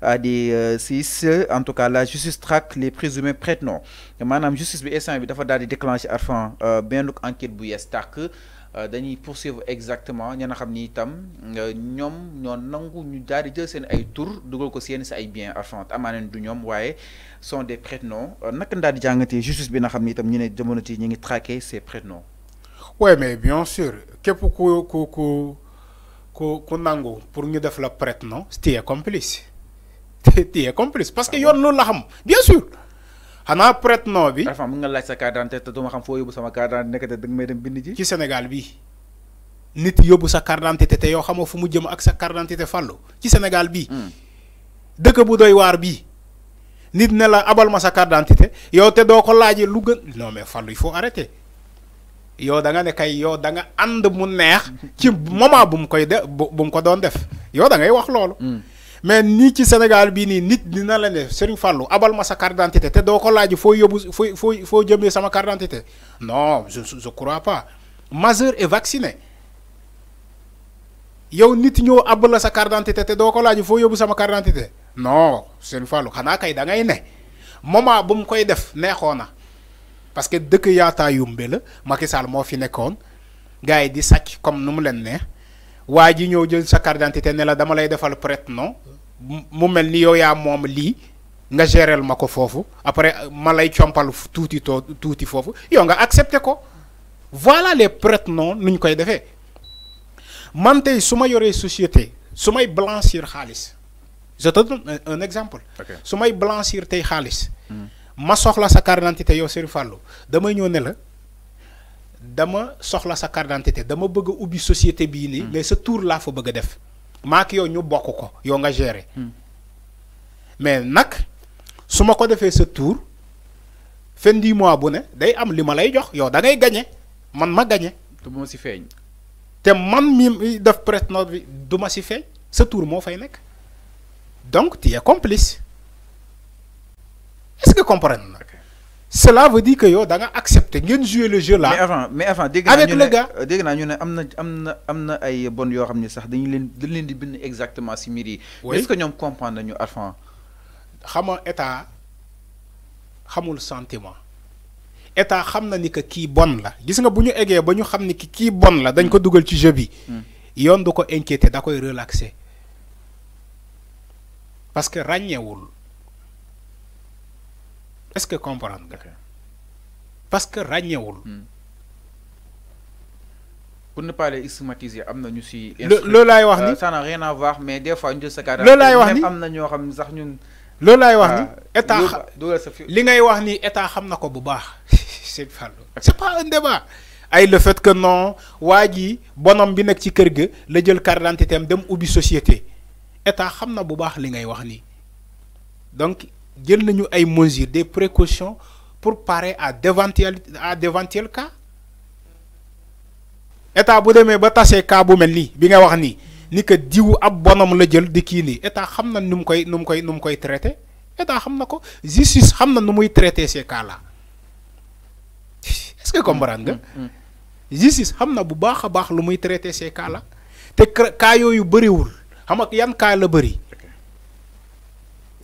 à des CIS, euh, en tout cas la justice traque les présumés prétendants. justice est ce bi dafa déclencher un euh, bien enquête bu que euh, poursuivre exactement sont des prétendants. justice ces oui mais bien sûr pour nous def la complice parce que ah yoon la bien sûr Hana prête nom bi. Arfan la nga nous sa carte te Nous xam foo yóbbu carte te dem Sénégal vie nit sa carte te yo xamoo fu mu jëm ak sa carte Sénégal hmm. doy nit abal ma sa carte yo te sommes ko lu gën non mais fallo il faut arrêter Yo da nga ne kay da nga and mu neex. ci moment bu de def da ngay mais ni ci Sénégal bi ni nit dina la ne Serigne Fallou abal ma sa carte d'identité té doo ko laaj foo yóbbu fo fo foo sama carte d'identité non je je crois pas majeur et vacciné yow nit ñëw abal sa carte d'identité té doo ko laaj foo yóbbu sama carte d'identité non Serigne Fallou xana kay da ngay né moma bu mu koy def neexoon parce que dëkk yaata yumbe la Macky Sall moo fi nekkoon gars di sàcc comme nu mu leen neex waa ji ñëw jël sa carte d'identité ne la dama lay defal prête non mu mel ni yow yaa moom lii nga géréel ma ko après euh, ma lay compal tuuti too yow nga accepté ko voilà les prétendants que nu ñu koy defee man tey su ma société su may je te donne un exemple. su may blanchir tey xaalis. Hmm. ma soxla sa yow Fallou dama soxla sa dama bëgg société hmm. mais ce tour là bëgg maak yow ñu bokk ko yow nga gérer hmm. mais nak suma ko defee sa tour fin du mois bu ne day am li ma lay jox yow da ngay gañe man ma gañe te ma si feeñ te man mi def prêt note bi du ma si fait. sa tour mo fay nek donc tu es complice est-ce que comprendre nak? cela veut dire que yo, da accepter jouer le jeu là. mais avant mais avant ñu amna, euh, amna ñu ay exactement est-ce que ñom comprendre ñu xama état xamul sentiment état xamna ni que ki bon la gis nga buñu égué bañu xamni ki ki la dañ ko ci jeu bi. Hmm. yoon du ko da koy relaxer parce que ragnéwul est-ce que comprendre parce que ràññewul hmm. pour ne pas les stigmatiser amna ñu ci loolu wax ni euh, ça n'a rien à voir mais des fois ñu se sa carte loolu wax ni amna ño xam sax ñun. loolu wax ni état li ngay wax ni état xamna ko bu baax c'est c'est pas un débat. ay le fait que non waji ji bonhomme bi nek ci kër ga le jël carte d'identité dem ubbi société état xamna bu baax li ngay wax ni donc jël nañu ay mesures des précautions pour parer à d'éventuels à d'éventuels cas état bu demee ba tasee cas bu mel nii bi nga wax ni ni que diwu ab bonom la jël di ki ni état xam na nu koy nu koy nu koy traiter état xam na ko justice xam na nu ces cas là est-ce que comprendre nga. Mm, mm, mm. justice xam na bu baax baax lu muy traiter ces cas là te cas yooyu wul xam ak yan cas la bëri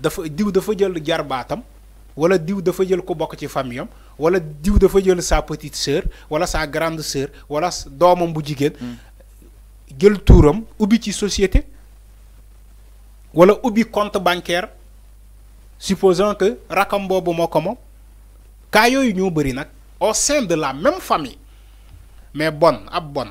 dafa diw dafa jël jarbaatam wala diw dafa jël ko bokk ci famille am wala diw dafa jël sa petite sœur wala sa grande sœur wala doomam bu jigéen hmm. jël tuuram ubbi ci société wala ubbi compte bancaire supposant que rakam boobu moo ko moom cas yooyu ñoo au sein de la même famille mais bon ab bon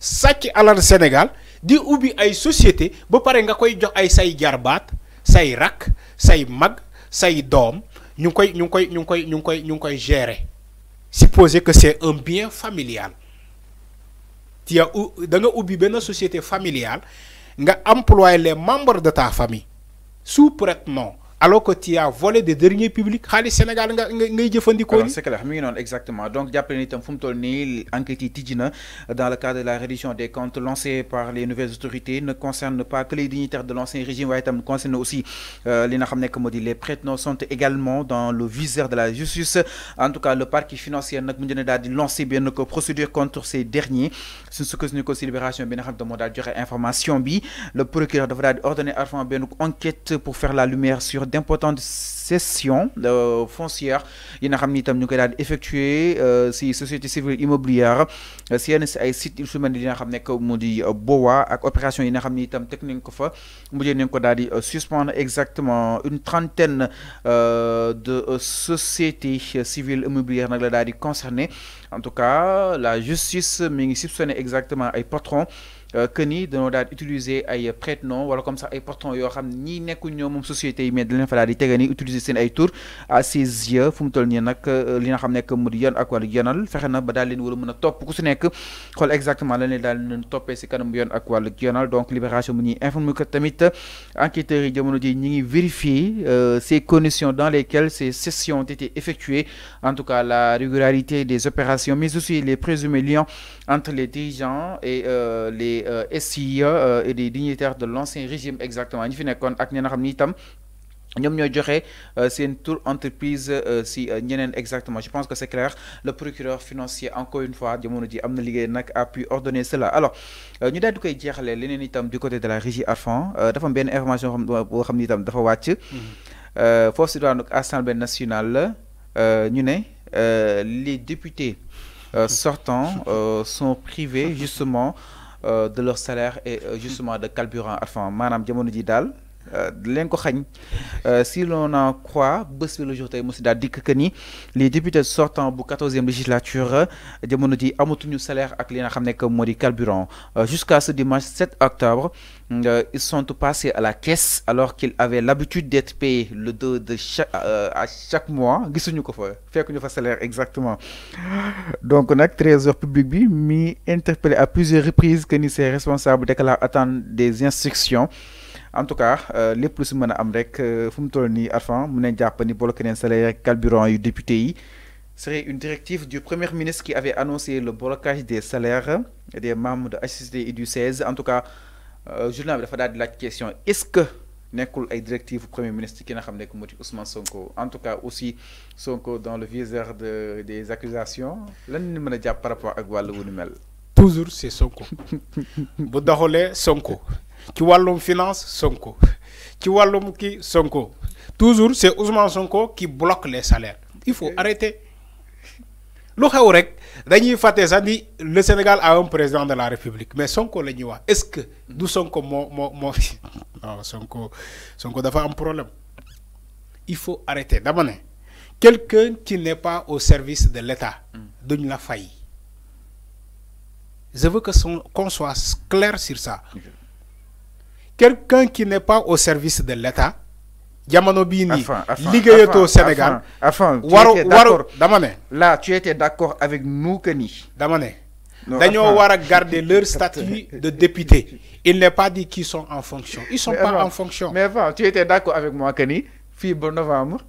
sàcc alal Sénégal di ubbi ay société ba pare nga koy jox ay say jarbat say rak say mag say dom, ñu ngi koy ñu ngi koy ñu koy ñu koy ñu koy gérer supposer que c'est un bien familial tu as da nga ubbi ben société familiale nga employer les membres de ta famille sous prétexte alors que tu as volé des derniers publics Khalid Sénégal tu ngay jëfëndiko ni c'est clair mi ngi exactement donc jàppale ni un fu toll enquête tidina dans le cadre de la reddition des comptes lancée par les nouvelles autorités ne concerne pas que les dignitaires de l'ancien régime mais tam concerne aussi euh, li nga les prêtres sont également dans le viseur de la justice en tout cas le parquet financier nak mu di lancé bien que procédure contre ces derniers ce que ko si libération bi nga xam ne moo joxe information bi le procureur devra ordonner à ordonner une enquête pour faire la lumière sur d'importantes sessions euh, foncières qui ont été effectuées itam ñu koy daal di effectuer euh, si société civile immobilière euh, si yenn si ay sites yu su mel BOA ak opération yi nga itam teg nañ ko fa nous ko suspendre exactement une trentaine de sociétés civiles immobilières concernées. la en tout cas la justice mi ngi soupçonné exactement ay patrons. Euh, que ni dañoo daal utiliser ay prête non wala comme ça ay portons yoo xam ne ñii nekkul société mais de fa daal di tege utiliser seen ay tour à ses yeux font mu n'a que nag euh, li nga xam nekk mu di yoon ak wàllu yoonal fexe na ba daal leen war que mën ku nekk exactement la ne daal leen toppee si kanam yoon ak donc libération mu informe que tamit enquêteurs yi jamono ji ñi vérifier euh, ces conditions dans lesquelles ces sessions ont été effectuées en tout cas la régularité des opérations mais aussi les présumés liens entre les dirigeants et euh, les euh, SIE euh, et les dignitaires de l'ancien régime exactement ñu fi nekkoon ak ñi nga xam ni itam tour entreprise si exactement je pense que c'est clair le procureur financier encore une fois jamono ji a pu ordonner cela alors ñu daal di koy jeexalee leneen itam du côté de la régie Arfan dafa am information xam boo xam ni itam dafa wàcc mm-hmm. foofu assemblée nationale ñu les députés euh, sortants euh, sont privés justement euh, de leur salaire et justement de carburant enfin Madame jamono dilen ko euh, si l'on en croit bi le jour tay ni les députés sortants bu e législature e ji ñu salaire ak li nga xamné que modi carburant euh, jusqu'à ce dimanche 7 octobre euh, ils sont passés à la caisse alors qu'ils avaient l'habitude d'être payés le 2 de chaque à chaque mois gisuñu ko fa ñu fa salaire exactement donc nak trésor public bi mi interpellé à plusieurs reprises que ni ses responsables déclarent attendre des instructions en tout cas euh, lépp lu si mën a am rek euh, fu mu toll nii Arfan mu ne jàpp ni bloqué neen salaire carburant yu député yi serait une directive du Premier ministre qui avait annoncé le blocage des salaires des membres de HCCT et du 16. en tout cas euh, journal bi dafa daal di laaj question est-ce que nekkul ay directive Premier ministre ki nga xam ne moo di Ousmane Sonko en tout cas aussi Sonko dans le viseur de des accusations lan ni mën par rapport ak wàllu wu mel toujours c'est Sonko bu doxalee Sonko ci l'homme finance Sonko ci qui son Sonko toujours c'est Ousmane Sonko qui bloque les salaires il faut arrêter lu xew rek dañuy faté le Sénégal a un président de la République mais Sonko co wax est ce que du Sonko mo mo mo non Sonko Sonko dafa un problème il faut arrêter dama quelqu'un qui n'est pas au service de l'État hmm. duñ la fay je veux que son qu'on soit clair sur ça quelqu'un qui n'est pas au service de l'État Yamano Bini... nii au Sénégal afan Waro, là tu étais d'accord avec nous Kenny... Damane, dama ne leur statut de député il n'est pas dit qu'ils sont en fonction ils sont pas en fonction mais avant tu étais d'accord avec moi Kenny... ni Bon novembre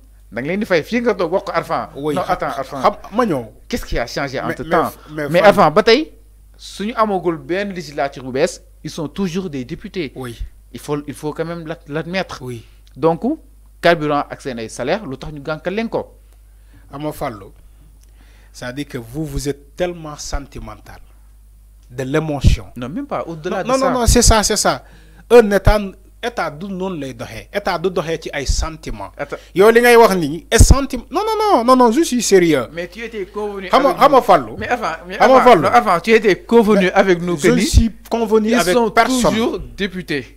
attends qu'est-ce qui a changé entre temps mais avant si nous avons une législature ils sont toujours des députés oui il faut il faut quand même l'admettre. oui donc carburant accès salaire lu tax ñu gànkal leen ko. Ama Fallou c'est-à-dire que vous vous êtes tellement sentimental de l'émotion. non même pas au-delà de ça non non non c'est ça c'est ça un état état du non lay doxee état du tu ci ay sentiment yo li ngay wax ni sentiment non non non non non je suis sérieux. mais tu étais convenu. xam nga fallo Fallou. mais avant avant tu étais convenu avec nous que je suis convenu avec personne ils sont toujours députés.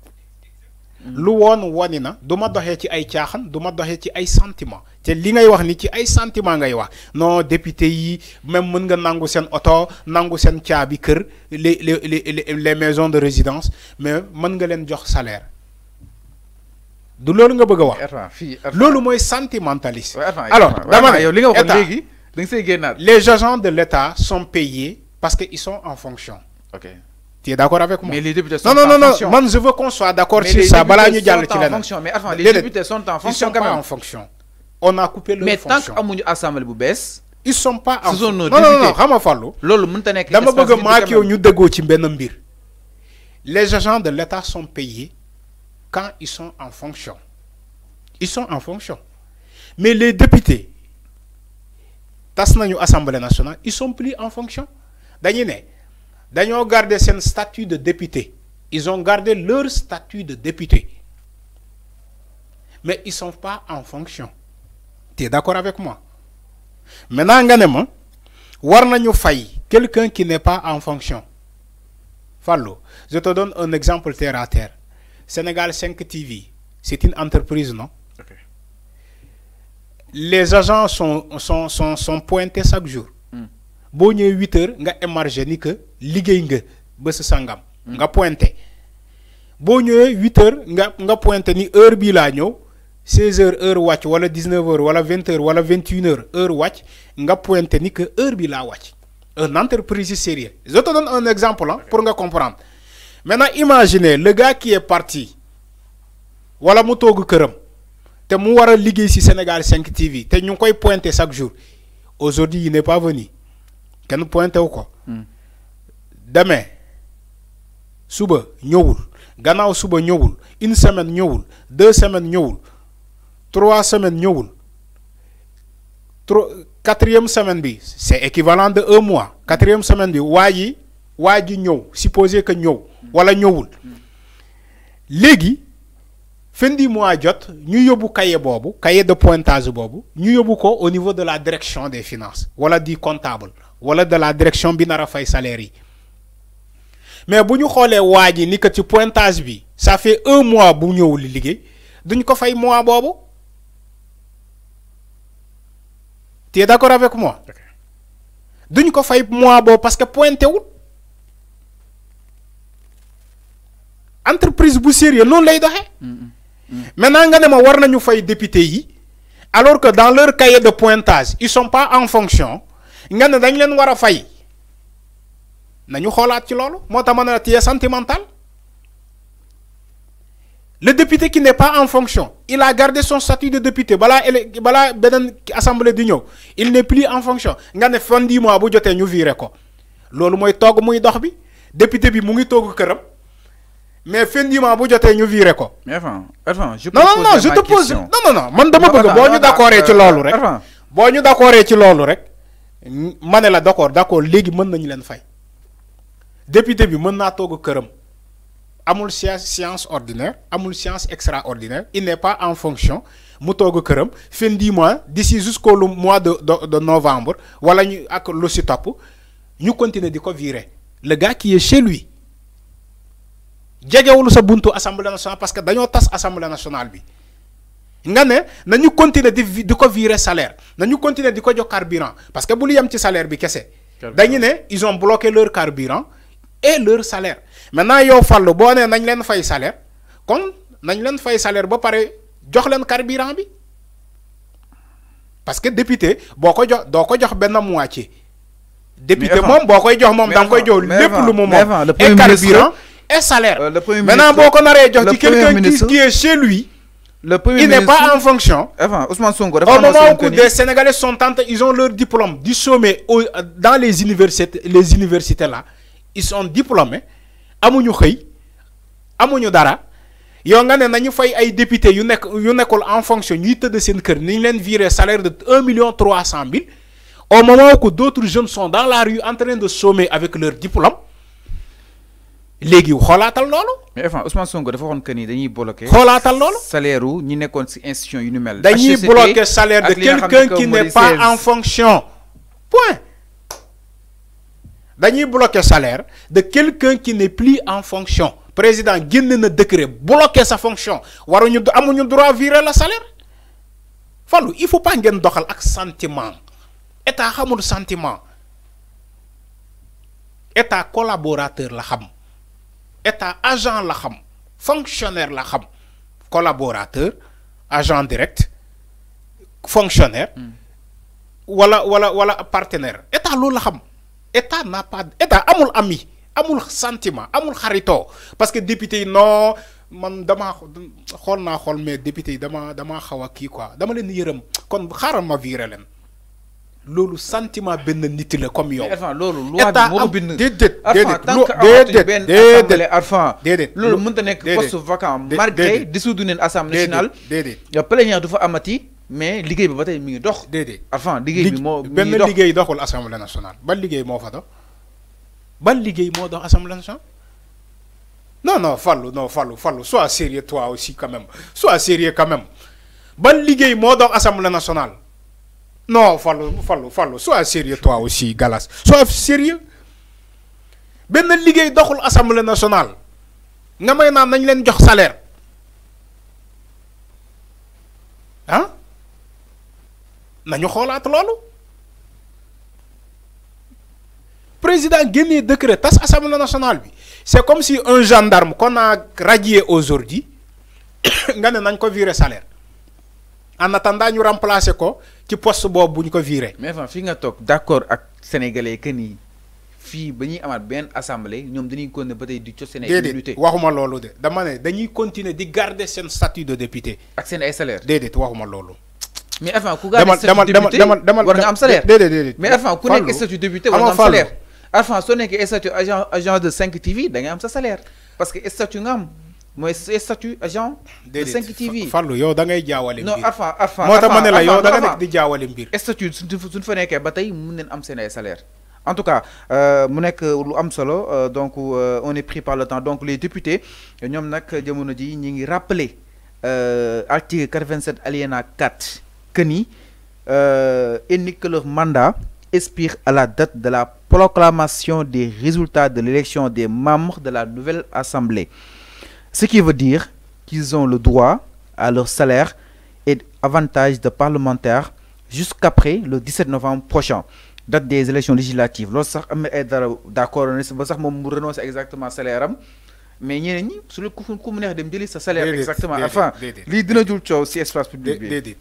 lu woon wane na du ma doxee ci ay caaxan du ma doxee ci ay sentiment te li ngay wax ni ci ay sentiment ngay wax non député yi même mën nga nangu seen oto nangu seen caabi kër les les les maisons de résidence mais mën nga leen jox salaire du loolu nga bëgg a wax. loolu mooy sentimentaliste. alors dama yow li nga waxoon léegi da nga les agents de l'état sont payés parce que ils sont en fonction. ok tu es d'accord avec moi non non non non je veux qu'on soit d'accord sur ça Les députés sont en fonction. mais enfin, les députés sont en fonction ils sont pas en fonction on a coupé le fonction mais tant que amuñu assemblée bu ils ils sont pas en fonction. non non non Je ne fàllu. pas mënut a bëgg les agents de l'État sont payés quand ils sont en fonction ils sont en fonction mais les députés tas l'Assemblée assemblée nationale ils ne sont plus en fonction D'ailleurs, garder statut de député ils ont gardé leur statut de député mais ils sont pas en fonction tu es d'accord avec moi maintenant nga quelqu'un qui n'est pas en fonction Fallo je te donne un exemple terre à terre Sénégal 5 TV c'est une entreprise non les agents sont sont pointés chaque jour bo ñëwee 8 heures nga émarger ni que liggéey nga ba sa sangam. Hmm. nga pointé bo ñëwee 8 heures nga nga pointé ni heure bi la ñëw 16 heures heure wacc wala 19h heures wala 20 heures wala 21h heures heure wacc nga pointé ni que heure bi la wacc un entreprise sérieux je te donne un exemple hein, pour nga comprendre maintenant imaginez le gars qui est parti wala mu togu kërëm té mu wara a liggéey ci Sénégal 5 TV té ñu koy pointé chaque jour aujourd'hui il n'est pas venu kenn pointé quoi? ko. demee suba ñëwul gannaaw suba une semaine deux semaines trois semaines ñëwul quatrième semaine bi équivalent de un mois quatrième semaine bi waa supposé que ñëw wala ñëwul léegi fin du mois jot ñu yóbbu cahier cahier de pointage ñu ko au niveau de la direction des finances wala du comptable. ...ou de la direction bi salaire mais si vous que pointage ça fait un mois que vous liggéey duñ ko fay mois bobo. tu es d'accord avec moi duñ ko fay mois parce que pointé où entreprise maintenant nous ne ma war député alors que dans leur cahier de pointage ils sont pas en fonction nga ne dañ leen war a fay nañu xoolaat ci loolu moo tax ma ne la sentimental le député qui n'est pas en fonction il a gardé son statut de député Bala, ele bala benen assemblée di ñëw il n'est plus en fonction nga ne fin du mois bu jotee ñu viré ko loolu mooy toog muy dox bi député bi mu ngi togg kërëm mais fin du mois bu jotee ñu viré ko. mais non non non je te pose non non non man dama bëgg boo ñu d'accordé euh, ci loolu rek. boo ñu d'accordé ci loolu rek mané la d'accord d'accord légui mën nañu len fay député bi mën na togo këram amul science science ordinaire amul science extraordinaire il n'est pas en fonction mu togo këram fin du mois d'ici jusqu'au mois de de novembre wala ñu ak lo ci ñu continuer di virer le gars qui est chez lui wul sa buntu assemblée nationale parce que a tas assemblée nationale bi nga ne nañu continuer di di ko virer salaire nañu continuer di ko jox carburant parce que bu li yam ci salaire bi kese dañu ne ils ont bloqué leur carburant et leur salaire maintenant yow fallu bo nee nañ len fay salaire kon nañ len fay salaire ba paré jox len carburant bi parce que député boko jox doo ko jox benn moitié député mom boko jox mom dang koy jox lepp lu mom et carburant et salaire euh, maintenant boko naré jox ci quelqu'un qui est chez lui il n'est pas en fonction. Ousmane Sonko, au moment où des Sénégalais sont tentés, ils ont leur diplôme du sommet dans les universités, les universités là. Ils sont diplômés. amuñu xëy amuñu dara yow nga ne nañu fay ay sont yu en fonction Ils ont un salaire de un million au moment où d'autres jeunes sont dans la rue en train de sommer avec leur diplôme léegi xolatal loolu. mais enfin Ousmane Sonko dafa waxoon que ni dañuy bloquer xolatal loolu salaire wu ñi nekkon ci institution yu ñu mel. dañuy e bloquer salaire de quelqu'un qui n'est pas en fonction point dañuy bloquer salaire de quelqu'un qui n'est plus en fonction président génn na décret bloqué sa fonction waruñu amuñu droit virer la salaire Fallu. il faut pas ngeen doxal ak sentiment état xamul sentiment état collaborateur la xam état agent la xam fonctionnaire la xam collaborateur agent direct fonctionnaire hmm. wala wala wala partenaire état loolu la xam état n'a pas état amul ami amul sentiment amul xaritoo parce que député non man dama xool na xool mais député dama dama xawa ki quoi dama kon xaram ma virer loolu sentiment ben nit la comme yow. loolu loi bi moo bind. dedet dedet déedéet Arfan déedéet loolu mënut a nekk poste vacant marqué dissoudre neen assemblée nationale. dedet déedéet. plénière du fa amati mais liguey bi batay mi ngi dox. dedet Arfan liggéey bi mo mi ngi dox benn liggéey doxul assemblée nationale ba liguey mo fa do ba liguey mo dox assemblée nationale. non non Fallou non Fallou Fallou sois sérieux toi aussi quand même sois sérieux quand même ba liguey mo dox assemblée nationale. Non, Fallo, Fallo, Fallo, sois sérieux toi aussi, Galas. Sois sérieux. Ben liguey doxul l'Assemblée nationale. Nous avons un salaire. Hein? jox salaire. Hein? salaire. Le lolu. Président le décret tas l'Assemblée nationale C'est comme si un gendarme qu'on a radié aujourd'hui on ne un salaire. En attendant ñu remplacer ko ci poste bobu ñu ko viré. mais fan fi nga tok d'accord ak sénégalais que ni fi bañuy amat ben assemblée ñom dañuy continuer batay du di sénégalais seen. déedéet waxuma lolu de dama né dañuy continuer di garder sen statut de député. ak sen ay salaire dédé waxuma lolu mais avant ku garder statut de député war nga am salaire dédé dédé mais avant ku nekk statut député war nga am salaire avant soo nekkee statut agent agent de 5 TV da ngay am sa salaire parce que statut nga am mooy est statut agent. de 5 TV yow da ngay non Arfan Arfan moo tax la yow da nga nekk di jaawale mbir. statut suñ fa nekkee ba nañ am seen salaire en tout cas euh, mu nek lu am solo euh, donc euh, on est pris par le temps donc les députés ñom nak jëmono ji ñi ngi rappeler article 87 alinéa 4 que ni et ni que leur mandat expire à la date de la proclamation des résultats de l'élection des membres de la nouvelle assemblée. Ce qui veut dire qu'ils ont le droit à leur salaire et avantages de parlementaires jusqu'après le 17 novembre prochain. date des élections législatives Lorsque d'accord on est sax exactement à salaire mais ñeneen ñi su la ku ku on salaire exactement enfin espace public